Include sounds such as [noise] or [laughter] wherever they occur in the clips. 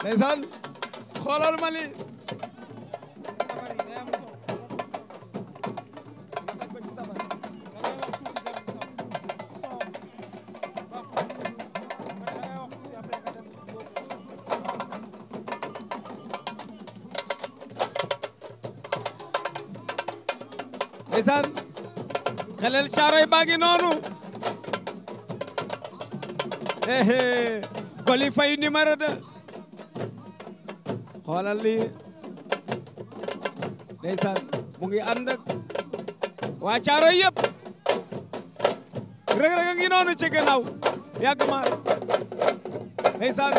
ndeysaan xoolal ma li ndeysaan xelel caaroy baa ngi noonu ehe Coly Faye numéro 2 xoolal lii ndeysaan mu ngi ànd ak waa Caaroy yëpp Reug Reug noonu ci gannaaw yàgg maar ndeysaan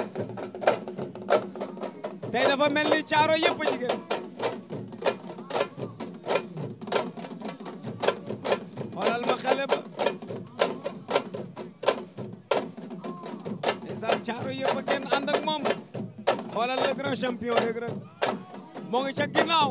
tey dafa mel ni caaro yëpp a jigéen un champion Reug Reug moo ngi ca ginnaaw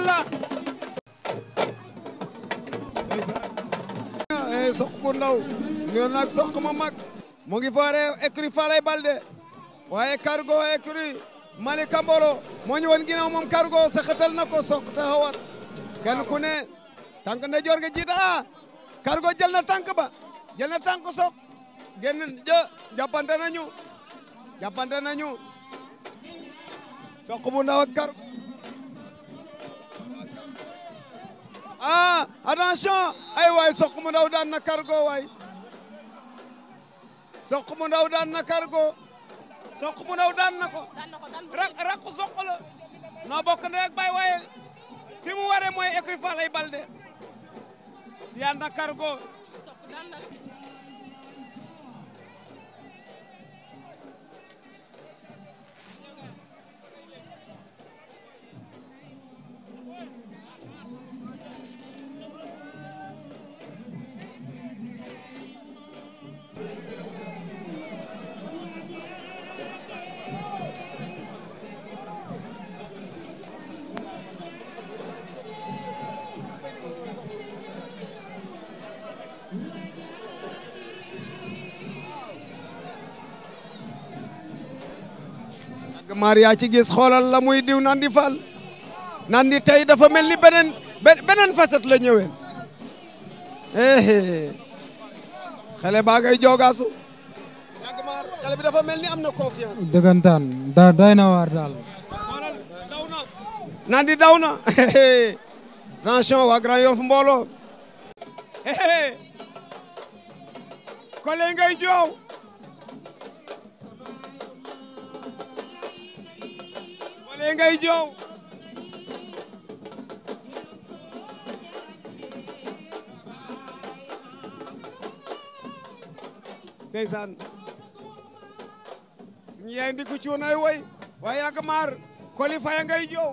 yàlla eh, soq bu ndaw ñoo nak soq ma mag mu ngi foore écurie Falay Balde waaye cargo écurie Malika Mbolo moo ñu woon ginnaaw moom cargo saxatal na ko soq taxawar kenn ku ne tànk na joor nga jiita a ah, cargo jël na tànk ba jël na tànk soq génn jë jàppante nañu jàppante nañu soq bu ndaw ak cargo ah attention ay waay soq mu ndaw daan na cargo soq mu ndaw daan na cargo soq mu ndaw daan na ko rak rakk soq la noo bokk ndey ak baay waaye fi mu waree mooy écurie Falaye Maria ci gis xoolal la muy diw Nandi Fall Nandi tey dafa mel ni beneen faset facette la ñëween eh, eh, eh. xale baa ngay joogaasu yàggmaar xale bi dafa mel ni am na confiance dëggantaan da waar daal daw na Nandi daw na [laughs] attention waa Grand Yoff mbooloo kole ngay joow ngay joow ndeysaan suñu yaay ndikku cuun ay woy waaye yàgg maar koli faya ngay joow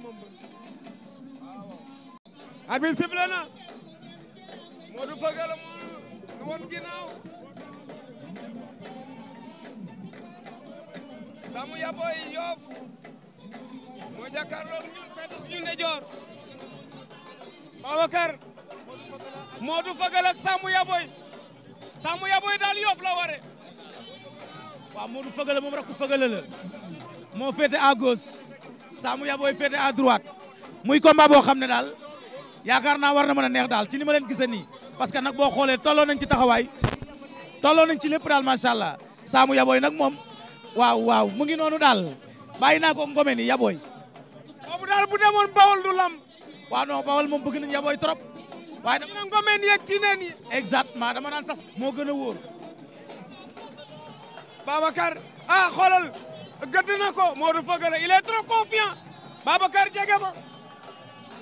moom bër waaw arbitre sifflé moo woon ginnaaw Saamu Yaboy Yoff moo jàkkaarloog ñun fete suñu ndijoor Babacar Modou Feugeula ak Saamu Yaboy Saamu Yaboy daal Yoff la ware waaw Modou Feugeula moom rakku Feugeula la moo féete à Saamu Yaa booy féete muy combat boo xam ne daal yaakaar naa war na mën a neex daal ci ni ma leen gisee nii parce que nag boo xoolee tolloo nañ ci taxawaay nañ ci lépp daal macha allah Saamu Yaa booy nag moom waaw waaw mu ngi noonu daal bàyyi naa ko ngome ni Yaa booy. daal bu demoon bawal du lam. waa non bawal moom bëgg nañ Yaa booy trop. waaye dama ngome ni ak ci neen yi. exactement dama daan sax moo gën a wóor. Babacar ah xoolal. gëdd na ko Modou Feugeula il est trop confiant Babacar jege ma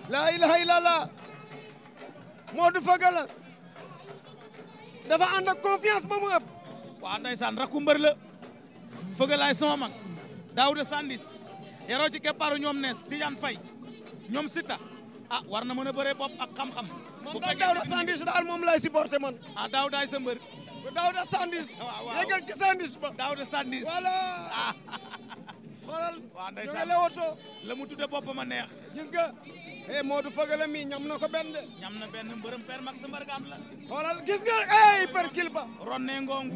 laa ilaha illallah Modou Feugeula dafa ànd ak ba mu ëpp waaw ndeysaan rakku mbër la Feugeulaay sama mag Daouda Sandis yaroo ñoom nees Tidiane Faye ñoom Sita ah war na mën a bëree bopp ak xam-xam man daal Daouda Sandis moom lay supporté man ah Daoudaay sa mbër Daouda Sandwich. waaw waaw yeggal ci Sandwich ba. Daouda Sandwich voilà. [laughs] xoolal. waaw ndeysaan la mu tudde boppam a neex. gis nga. eh Modou Fagala mi ñam na ko benn. ñam na benn mbërëm Père Max Mbargane la. xoolal gis nga eh perkil ba. Roné Ngong.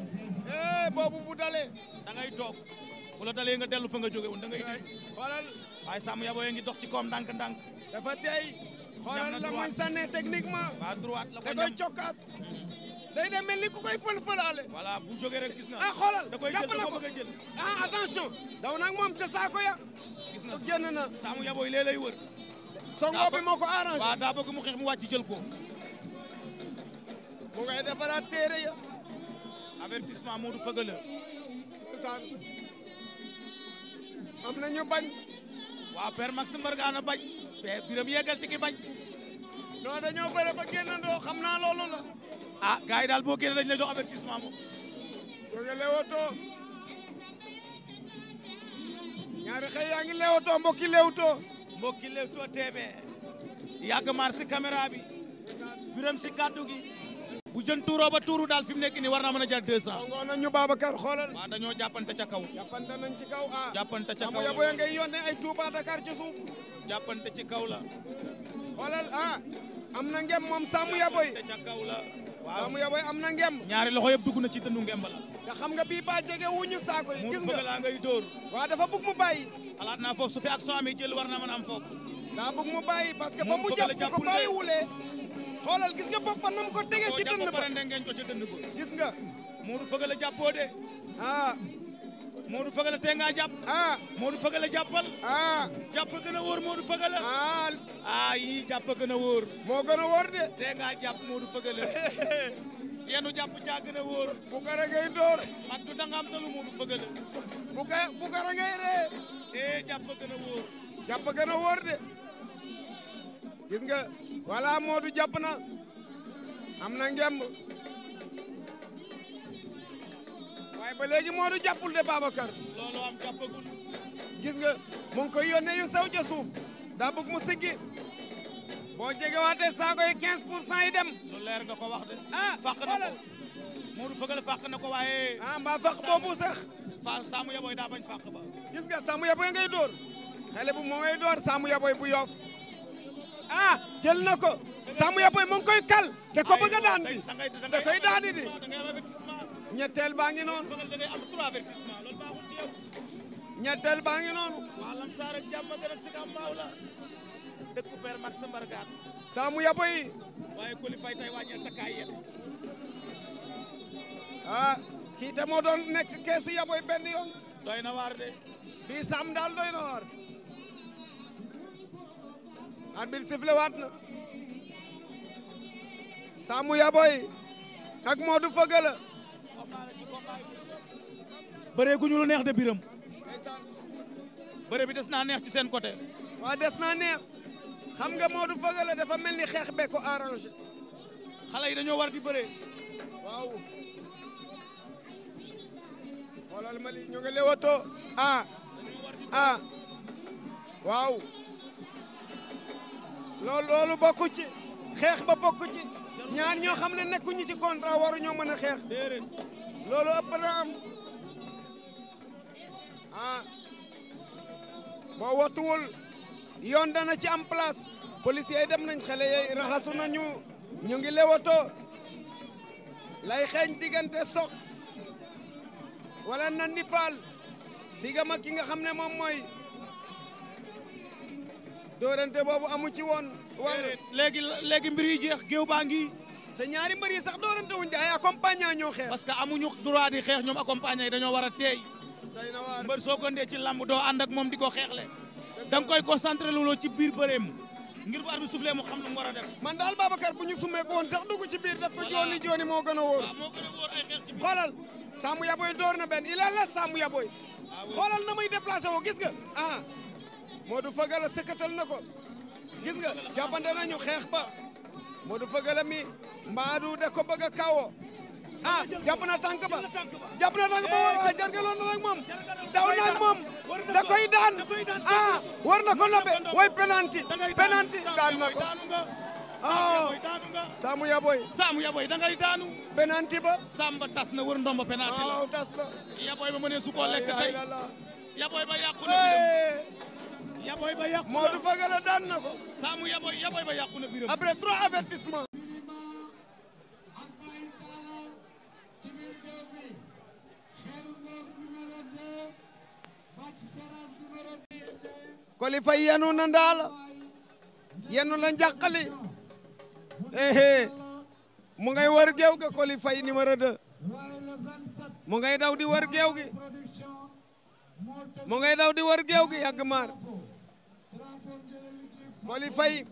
eh boobu bu dalee. da toog bu la dalee nga dellu fa nga jóge woon da ngay dégg. xoolal. waaye Sàmm Yabo ngi dox ci koom ndànk-ndànk. dafa tey. ñam na droite xoolal la muy sànnee techniquement. la ko ñam cokkaas. Mm. day dem mel ni ku koy fël-fëlaale. voilà bu jógee rek gis na. ah xoolal jàpp na ko ah, daw na moom te saako ya. gis na génn na. saamu yaboy lee wër. songo bi moo ko daa bëgg mu xeex mu wàcc jël ko. mu ngay defaraat téere ya. avertissement Modou Feugeleu. am na ñu bañ. waaw père Max Mbargane bañ. mais biram yeggal ci ki bañ. non dañoo bëre ba génnandoo xam naa loolu la. a ah, gars yi daal boo génnee dañ lay jox avertissement moom. ñoo ngi leewtoo ñaari xëy si caméra bi biram si kaddu gi. jën tuuroo ba tuuru daal fi mu nekk nii war naa mën a jar 200. ngoon nañu Babacar xoolal. waaw dañoo jàppante ca kaw. jàppante nañ ci kaw ah. jàppante ca kaw la amu ngay yónnee ay Touba ci kaw la. Ah. na ngem moom Saamu waaw Saamu na ngemb ñaari loxo yëpp dugg na ci dëndu ngemb la te xam nga bii dafa bëgg mu bàyyi xalaat naa foofu su fi action amee jël war na mën am foofu daa bëgg mu bàyyi parce que ba mu jàpp ko bàyyi wulee xoolal gis nga boppam nam ko tegee ci dënd ba gis nga Modou Feugeule jàppoo de ah. moo Feugeleu tey ngaa jàpp. ah Modou Feugeleu jàppal. ah jàpp a wóor Modou Feugeleu. ah ah yii jàpp gën a wóor. moo gën a wóor de. tey ngaa jàpp Modou Feugeleu. [laughs] yéen a jàpp caa gën a wóor. bu kare ngay door. ak du danga am talu Modou Feugeleu. bu ka ree. eh jàpp gën a wóor. jàpp gën a wóor de. gis nga. voilà Modou jàpp na. am na ngemb. waaye ba léegi Modou jàppul de Babacar. loolu gis nga mu ngi koy yónnee yu sew ca suuf daa bëgg mu siggi boo jegewaatee saako yi 15 pour cent yi dem. lu nga ko wax de. ah fàq na ko Modou fëgal na ko waaye. ah mbaa fàq boobu sax. saa saamu yaboy daa bañ fàq ba. gis nga saamu yaboy ngay dóor xale bu moo ngay dóor saamu yaboy bu yoof ah jël na ko saamu yaboy mu ngi koy kal da ko bëgg a daan di da koy daan di. ñetteel baa ngi noonu. da ngi noonu. waa Lamsaar ak jàmm gën si kaw mbaaw la. dëkku père Max Mbargaan. saamu yabo waaye Coly Faye tey wàññil takkaay yéen. ah moo doon nekk keesu yabo benn yoon. doy na waar de. bii saam daal doy na waar. arbitre sifflé waat na. saamu yabo yi. ak Modou Feugeula. bëree guñu lu neex de biram bëre bi des naa neex ci seen côté. waa des naa neex xam nga Modou Feugeule dafa mel ni xeex bee ko arrangé. yi dañoo war di bëree. waaw. xoolal ma li ñu waaw loolu loolu bokku ci xeex ba bokku ci ñaar ñoo xam ne nekkuñu ci contrat waruñoo mën a xeex. loolu ëpp na am ah. boo wattuwul yoon dana ci am place policiers dem nañ xale yey raxasu nañu ñu ngi lewato lay xeeñ diggante soq wala nandi faal digga ma ki nga xam ne moom mooy dóorante boobu amu ci woon wala léegi mbir yi jeex géew baa ngi te ñaari mbër yi sax doorante wuñ de ay accompagnant ñoo xeex. parce que amuñu droit di xeex ñoom accompagnant dañoo war a teey. mbër soo ko ndee ci làmb doo ànd ak moom di ko xeexle. da nga koy concentré loolu ci biir bëreem ngir bu arbitre soufflé mu xam lu mu war a def. man daal Babacar bu ñu summee ko woon sax dugg ci biir def ko jooni jooni moo gën a wóor. waaw moo gën a wóor ay xeex ci biir. xoolal Saamu Yaboy na benn il a la Saamu Yaboy. Ah xoolal na muy déplacé woo gis nga ah Modou Fagala sëkkatal na ko gis nga jàppante xeex ba Modou Feugeula mi mbaadu da ko bëgg a kawo a ah, jàpp na tànk ba jàpp na tànk ba war jargaloon na nag moom daw na ak moom a koy daan ah war na ko nobe way penanti penanti daan na ko oh Saamu Yaboy Saamu Yaboy da ngay daanu penanti ba Samba tas na wër ndomba penanti la waaw tas na Yaboy ba mënee su koo Yaboy ba yàqu yaboy ba yàqu na Modou daan na ko. Saamu yaboy yaboy ba yàqu yenu na ndaala yenu na njàqali ehe eh. ngay war geew gi Coly Faye numéro 2 mu ngay daw di war geew gi mu ngay daw di war geew gi yàgg maar Coly Faye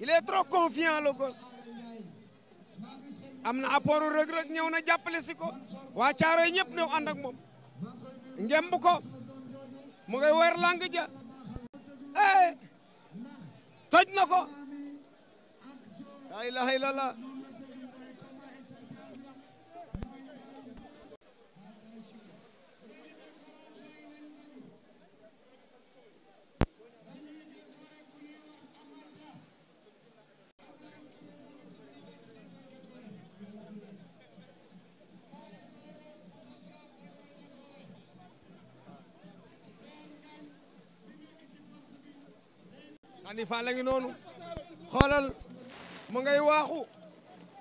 il est trop confiant le am na apport Reug Reug ñëw na jàppale si ko waa Caaroy ñëpp ñëw ànd ak moom ngemb ko mu ngay weer lang ja eh! toj na ko la ilaha illallah xani fa la ngi noonu xoolal mu ngay waaxu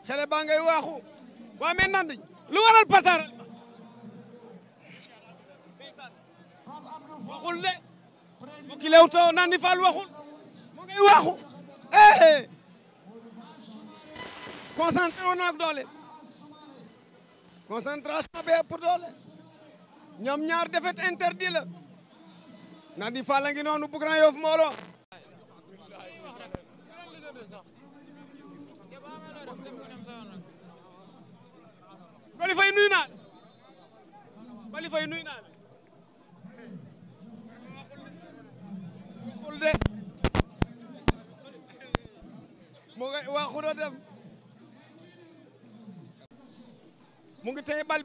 xele ba ngay waaxu waa mais lu waral patar waxul de bu kilew too nandi waxul mu ngay waaxu eh, eh. doole concentration bi ëpp doole ñoom ñaar défaite interdit la nandi fall la noonu bu Grand Coly Faye nuyu naa la Coly Faye nuyu de mu ngi waa xula dem mu ngi tey bal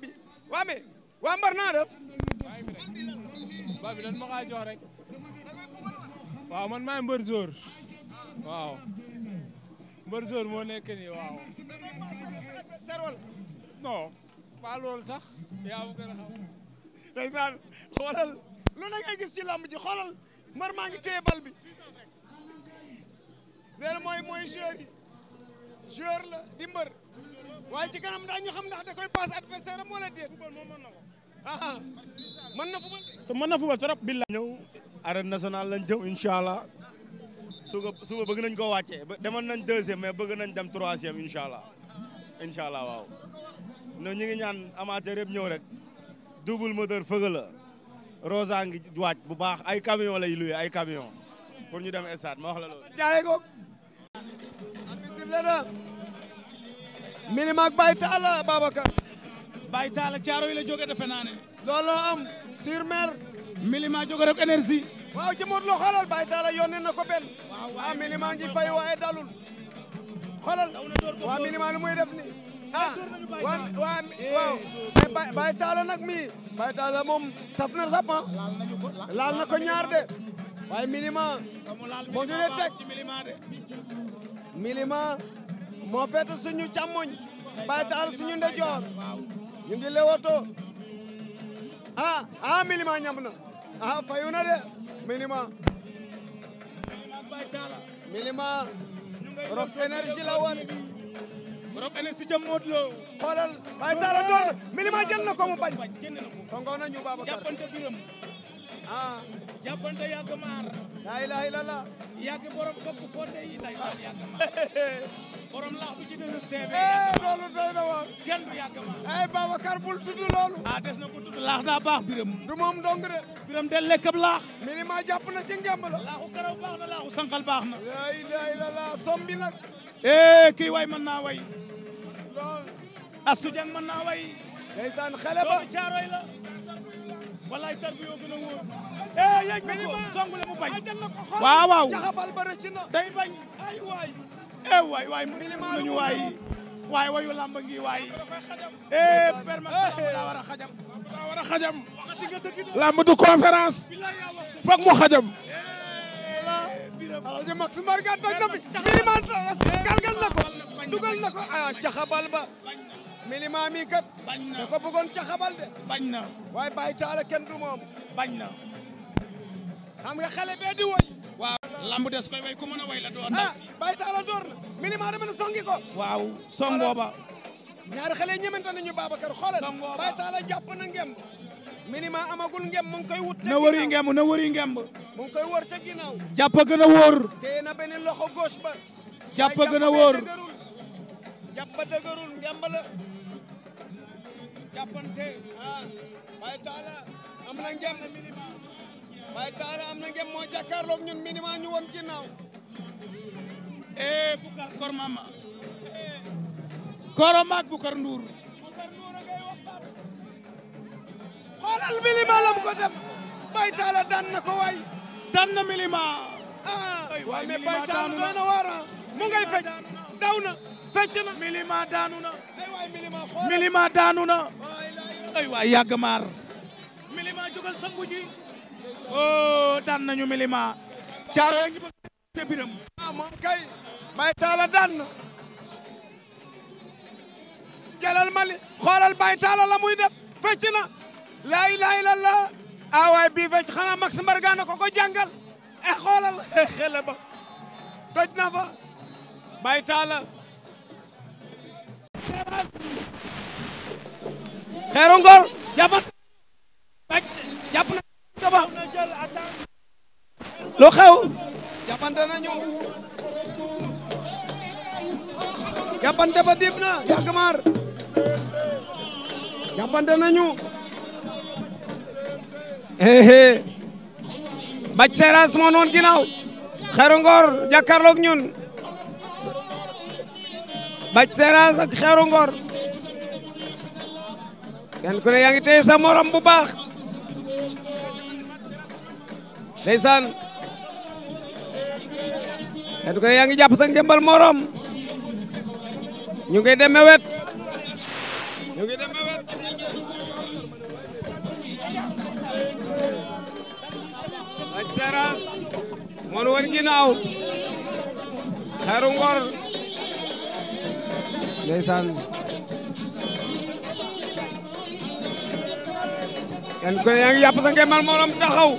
waa mais waa mbar naa def bal bi lan ma kaa jox man maay mbër joor waaw mbër zone moo nekk nii waaw. non. pas sax. yaa ma xam. ndeysaan xoolal lu gis ci lamb ji xoolal mbar maa ngi téye bal bi. léegi mooy mooy joueur yi la dimbar mbër waaye ci kanam daañu xam ndax da koy passe adversaire am wala a mën na fubal. te mën na fubal trop. billaay ñëw arène nationale lañ jëm incha suba suba bëgg nañ koo wàccee demoon nañ deuxième mais bëgg nañ dem troisième incha allah incha allah waaw. ñu ngi ñaan amateur yëpp ñëw rek double moteur fëgg la rosa ngi waaj bu baax ay camion lay luye ay camion pour ñu dem stade ma wax la loolu. jaay ko. Minima ak Baye Talla Babacar. Baye Talla caaro yi la jóge defe naa loo looloo am sur mer. Milima jóge rek énergie. waaw ci Modou Lo xoolal Baye Talla yónnee na ko benn waa ah, Milima ngi fay waaye dalul xoolal waa Milima lu muy def ni ah waaw mais Baye nag mi Baye Talla moom saf na sap ah. laal na ko ñaar de waaye Milima moo ngi ne teg Milima moo féete suñu càmmoñ Baye Talla suñu ndejoor ñu ngi lewoto ah ah Milima ñam na ah fayu na de Minima Minima Rock Énergie la woon Rock Énergie jëm Modou Lo xoolal Baye Talla door na Minima jël ko mu bañ songoon nañu Babacar jàppante yàgg borom bopp [laughs] eh, na waar kenn du yàgg eh, bul tudd loolu ah des na ko tudd laax daa baax biram du dong de biram del lekkab laax mi ni maa jàpp na ci la laaxu karaw baax na laaxu sànqal baax na sombi nag eh kii way naa way asu jang mën naa way ndeysaan xale ba caaroy la wallaay tar bi yoo gën a wóor. eh day bañ ay waay. Eh, waay mu nañu waay waay wayu waay. eh perma daa war a xajam. daa war a xajam. làmb du conférence. foog mu xajam. alors que Maxime Marga daj na fi. Birima Kalgal na ko dugal na ko ah jaxabal milima mi kat. bañ na da ko bëggoon ca xabal de. bañ na waaye Baye Talla kenn du moom. bañ na. xam nga xale bee di woy. waaw lamb des koy way ku mën a way la doon. ah Baye Talla door na. milima dama ne songi ko. waaw songoo ba. ñaari xale ñemente nañu Babacar xoolal. songoo ba Baye Talla jàpp na ngem. milima amagul ngem mu ngi koy wut. na wëri ngem na wëri ngem. mu ngi koy wër ca ginnaaw. jàpp gën a wóor. téye na benn loxo gauche ba. jàpp gën a wóor jàpp dëgërul jàpp dëgërul ngemb la. jàppante ah Baye am na ngem Baye Talla am ñun minima ñu woon ginnaaw eh Kor Mama Koro maak Boucar Ndour xoolal milima lam ko def Baye daan na ko waay daan na milima ah waaye mais Baye waara ah. mu ngay fecc daw na fecc na milima daanu na Milima daanu na ay waay yàgg maar Milima jógal sangu ji oh nañu Milima caaro ngi bëgg te biram ah kay bay taala daan na jëlal mali xoolal bay taala la muy def fecc na laa ilaaha illallaah ah waay bii fecc xanaa max mbargaana ko ko jàngal e xoolal [laughs] xele ba toj na fa bay taala Xeeru Ngor jàppat jàpp na daba lu xew nañu jàppante ba dib na yàggmaar jàppante nañu ehe eh. Bathie Seras moo noon ginnaaw Xeeru Ngor jàkkaarloog ñun Bathie Seras ak kenn ku ne yaa ngi téye sa morom bu baax ndeysaan kenn ku ne yaa ngi jàpp sa ngembal morom ñu ngi deme wet ñu ngi deme wet excellence moon won ginaaw xeeru ngor ndeysaan kenn yaa ngi yàpp sa ngemal morom taxaw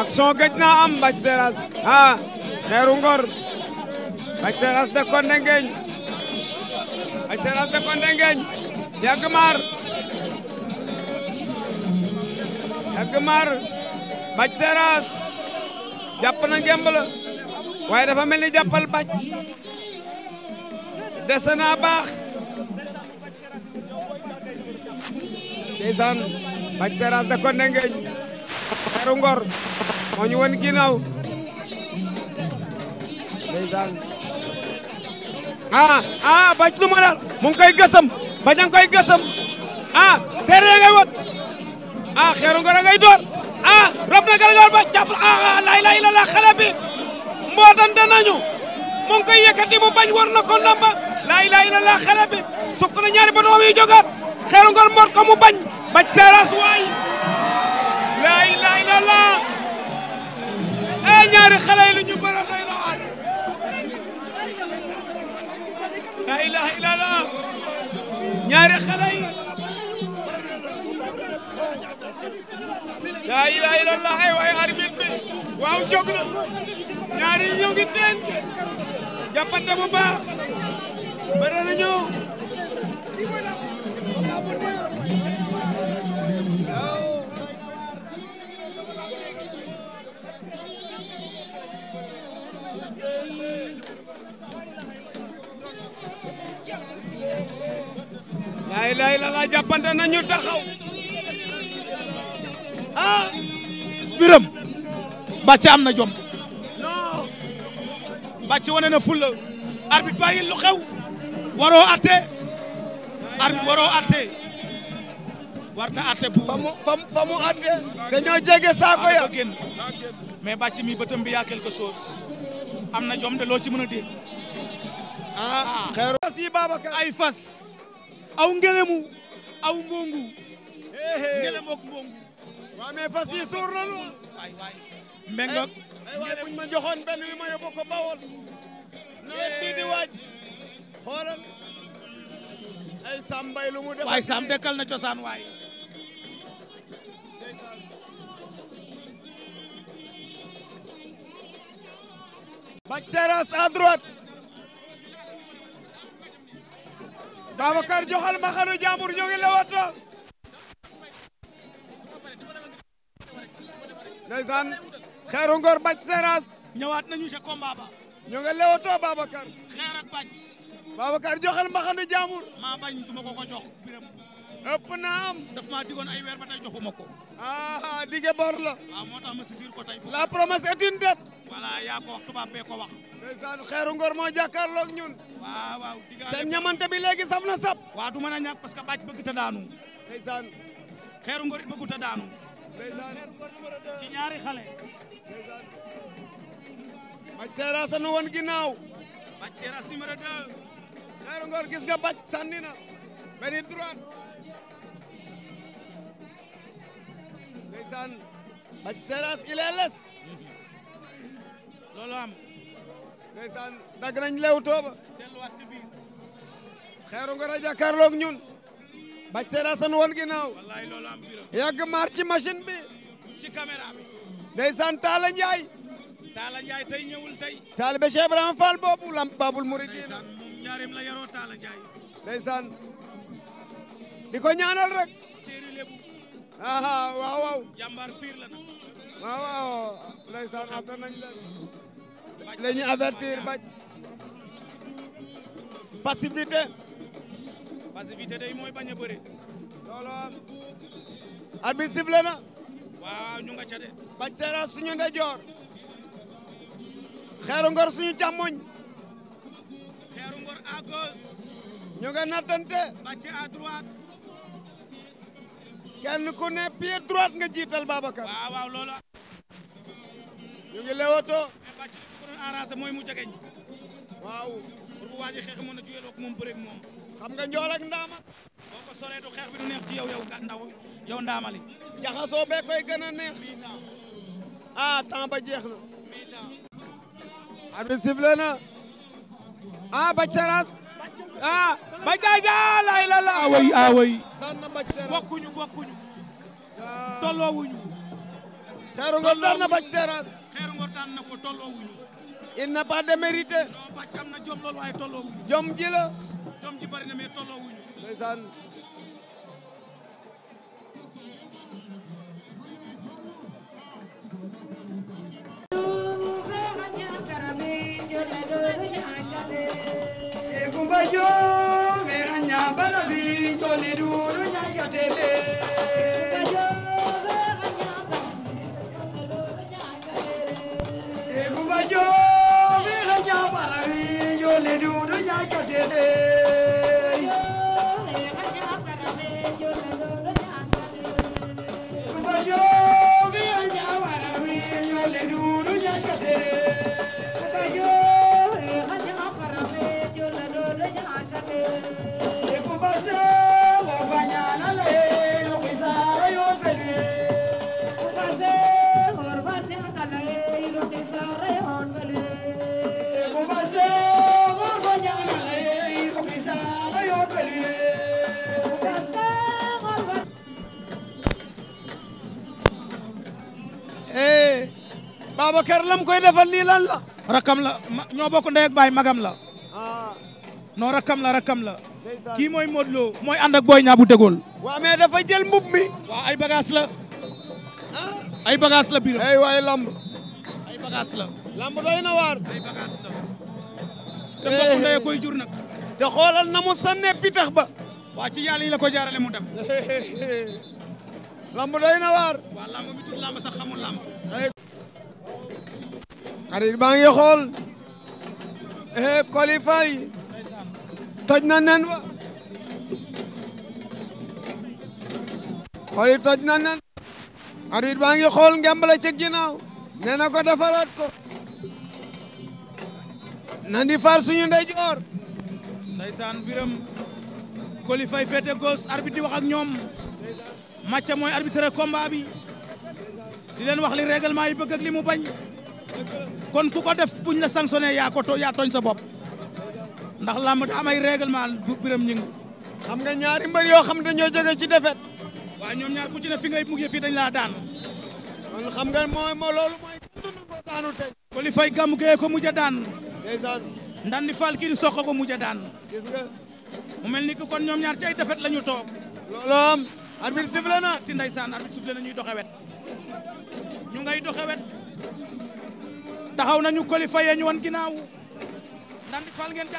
action gëj naa am Bathie Seras ah Xeeru Ngor Bathie Seras de ko ndengeñ Bathie Seras de ko ndengeñ yàgg maar yàgg na ngemb la waaye dafa mel ni jàppal Bathie dese naa baax ndeysaan Bathie Seras da ko ndengeñ xeru ngor moo ñu won ginnaaw ndeysaan ah, ah, lu ma dal koy gësam Bathie koy gësam ah tere ngay wot ah xeru ngor a ngay ah, na garagol ba jàpp ah lay lay la la xale bi mbootante nañu mu koy yëkkati bu bañ war na ko lay lay la la xale bi ñaari ba doom yi jógaat mboot ko mu bañ Bathie Seras waay laa ee eh, ñaari xale lu ñu bëre doy na waar laa ilaaha illallaah ñaari xale yi laa ilaaha illallaah ay waay arbitre bi na ñaari ñoo ngi teente jàppante bu baax bëre nañu ilaha illallah jàppante nañu taxaw ah biram bàcc am na jom non wane na fulla arbitre bàyyil lu xew waroo atte arbitre waroo atte warta atte bu famu famu atte dañoo jege saako ya mais bàcc mi bëtam bi yaa quelque chose am na jom de loo ci mën a ah, ah. ay fas aw ngelemu aw mbongu ngelem ak mbongu waaw mais fas yi suur mbengok ay eh, eh, waay buñ ma joxoon benn bi ma yóbbu ko bawol nawet bi di eh. waaj xoolal ay Sam Mbaye lu mu def waay Sam dekkal na cosaan waay Bac Seras à Babacar joxal ma xanu jàmbur ñu ngi lewato ndeysaan xeeru ngor bàcc seras ñëwaat nañu ca combat ba ñu ngi lewato Babacar xeer ak bàcc Babacar joxal maa bañ duma ko ko jox biram ëpp naa daf maa digoon ay weer ba tey joxuma ko ah dige la waaw moo tax ndeysaan xeeru ngor moo jàkkaarloog ñun waaw waaw seen ñamante bi léegi saf na sap waaw du mën a ñàkk parce que bëgg ta daanu ndeysaan xeeru ngor it ñaari xale ndeysaan bàcc seeraas a nu woon ginnaaw bàcc seeraas numéro 2 xeeru ngor gis nga bàcc sànni na benn droite seeraas il est ndeysaan dagg lew tooba xeeru nga a jàkkaarloog ñun bac seeda san woon ginnaaw yàgg maar ci machine bi ci caméra bi ndeysaan Taala Njaay Taala Njaay tey ñëwul tey taalibe Cheikh Ibrahima boobu lamp babul muridina ñaarim la yaroo Taala Njaay ndeysaan di ko ñaanal rek séeri lebu aha waaw nañ la la ñu avertir bañ passivité passivité day mooy bañ a bëri loolu arbitre sifflé na waaw ñu nga ca seera suñu ndeyjoor xeeru ngor suñu càmmoñ ñu nga nattante kenn ku ne pied droite nga jiital Babacar ñu ngi lewoto arrangé mu nga njool ak ndaama boo ko bi du neex ci yow yow ndaamali jaxasoo bee koy gën neex ah temps ba jeex na arbitre sifflé na ah Bac Seras ah Bac gaay gaay laa ilaaha illallaah away away daan na Bac Seras bokkuñu bokkuñu ah. tolloowuñu xeeru ngor na Bac Seras xeeru ngor daan na il n'a jom ji la. jom ji bari na mais tolloowuñu. ndeysaan. kumba joo me a ñaabara fi joli duuru ñagatele duudu jaajate dey bajoobi aja warami yole duudu jaajate dey kubase wafanyana lay nukisaara yoo fedee Babacar lam koy defal nii lan la. rakam la ñoo bokk ndey ak ay magam la. Ah. non rakam la rakam la. kii mooy Modou Lo mooy ànd ak Boy Niang bu Dégol. waaw mais dafa jël mbub mi. waaw ay bagage la. Ah. ay bagage la biiram. ay waay la. lamb doy ay te jur nag. xoolal na mu sànnee pitax ba. waa ci yàlla yi la ko jaarale mu dem. lamb doy na waar. waa lamb mi tudd lamb sax xamul lamb. xarit baa ngi xool eh Coly toj na nen ba Coly toj na nen xarit baa ngi xool ngembale ci ginnaaw nee na ko defaraat ko nandi far suñu ndeyjoor ndeysaan biram Coly Faye féete gauche di wax ñoom match mooy arbitre combat bi di leen wax li règlement yi bëgg ak li mu bañ kon ku ko def buñ la sanctionné yaa ko to tooñ sa bopp ndax làmb da am ay règlement bu biram ñing xam nga ñaari mbër yoo xam dañoo jóge ci defet waaw ñoom ñaar ku ci ne fi ngay mujjee fii dañ laa daan kon xam nga mooy moo loolu mooy ko daanu tey ko li fay gàmmu ko mujj a daan ndeysaan ndan di fal kii di soq ko mujj a daan mu mel ni que kon ñoom ñaar ci ay defet la ñu toog loolu am arbitre sifflé na ci ndeysaan arbitre sifflé na ñuy doxewet ñu ngay doxewet taxaw nañu kolifa yee ñu wan ginnaaw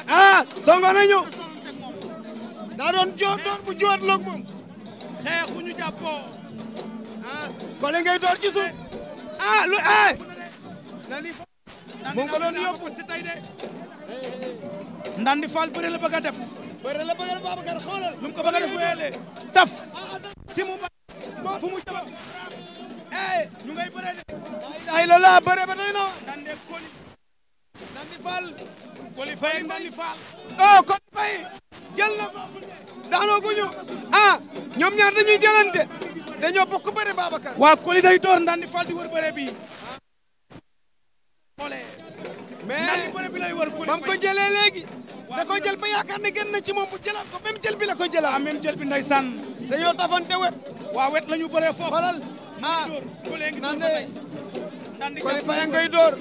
ah songo nañu daa doon joor door bu joor loog moom xeexuñu jàppoo ah kole ngay door ci suuf ah lu eh Ndandi Fall mu ngi ko doon yóbbu si tey de Ndandi Fall bëre la bëgg a def bëre la bëgg def Babacar ko bëgg def taf ci ah, ah, mu ba fu mu jëm ñu ngay bëre de ay la la bëre ba doy na dande koli dandi fay oh, jël na ko daanoo ah, ñoom ñaar dañuy jëlante dañoo bokk bëre Babacar waa koli day door dandi fall di wër bëre bi xoolee mais bëre bi lay wër koli bam ko jëlee léegi da jël ba yaakaar ne gën na ci moom bu jëlaat ko même jël bi la ko jëla ah, même jël bi ndeysaan dañoo tafante wet waa wet lañu bëree foofu ah Nandé Coly Faye ngay door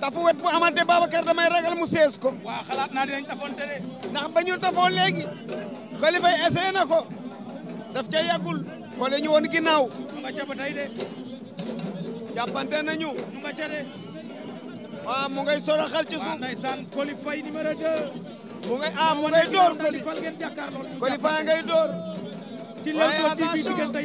tafu wet bu amante Babacar damay ragal mu sees ko. waaw xalaat naa dinañ tafonte de. ñu tafoo léegi Coly Faye na ko daf ca yàggul Coly ñu ginaaw ginnaaw. ñu nga ca ba tey de. jàppante nañu. ñu nga ca de. waaw mu ngay soroxal ci suuf. waaw ndeysaan Coly Faye numéro mu ngay ah ngay door Coly Coly Faye ngay door. ci Leewtoo TV diggante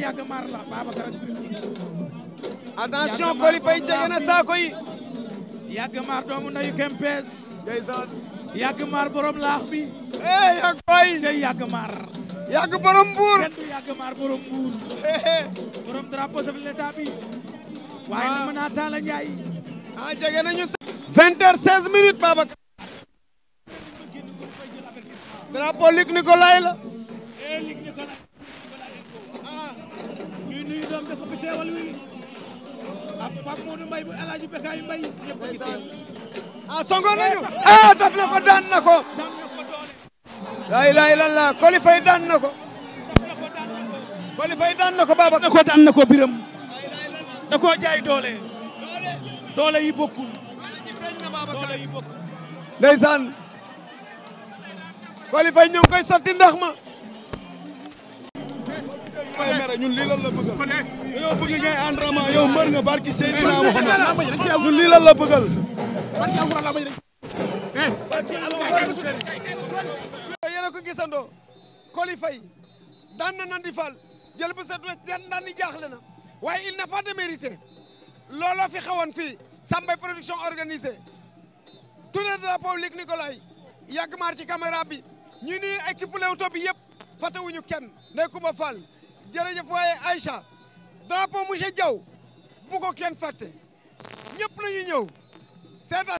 yàgg maar doomu ndeyu Kempes ndeysaan borom laax bi eh yàgg fay borom buur borom buur borom drapeau bi waaye na ah. mën a taala Njaay ah jege nañu vingt heures seize minutes Babacar drapeau Luc Nicolaï la eh, nuyu doom bi ko fi teewal wi a gisee. ah songoon nañu ah daf na ko daan na ko. laa ilaaha illallaah Coly daan na ko. Coly daan na ko Babacar. daan na Biram. da koo jaay doole. doole yi bokkul. doole yi bokkul. ndeysaan. Coly Faye ñoo sotti ndax ma. ñun lii la bëggal dañoo bëgg ngay entraînement yow mbër nga barki Seydina Mohamed ñun lii la bëggal yéen a ko gisandoo Coly Faye daan na Nandi Fall jël bu set wecc daan ni jaaxle na waaye il n'a pas de looloo fi xewoon fii Sambay production organisée tournée de la publique Nicolay yàgg maar ci caméra bi ñu ni équipe Leewtoo bi yëpp fatewuñu kenn ndey Kumba Fall jërëjëf waaye Aïcha drapeau monsieur Diaw bu ko kenn fàtte ñëpp nañu ñëw seetaan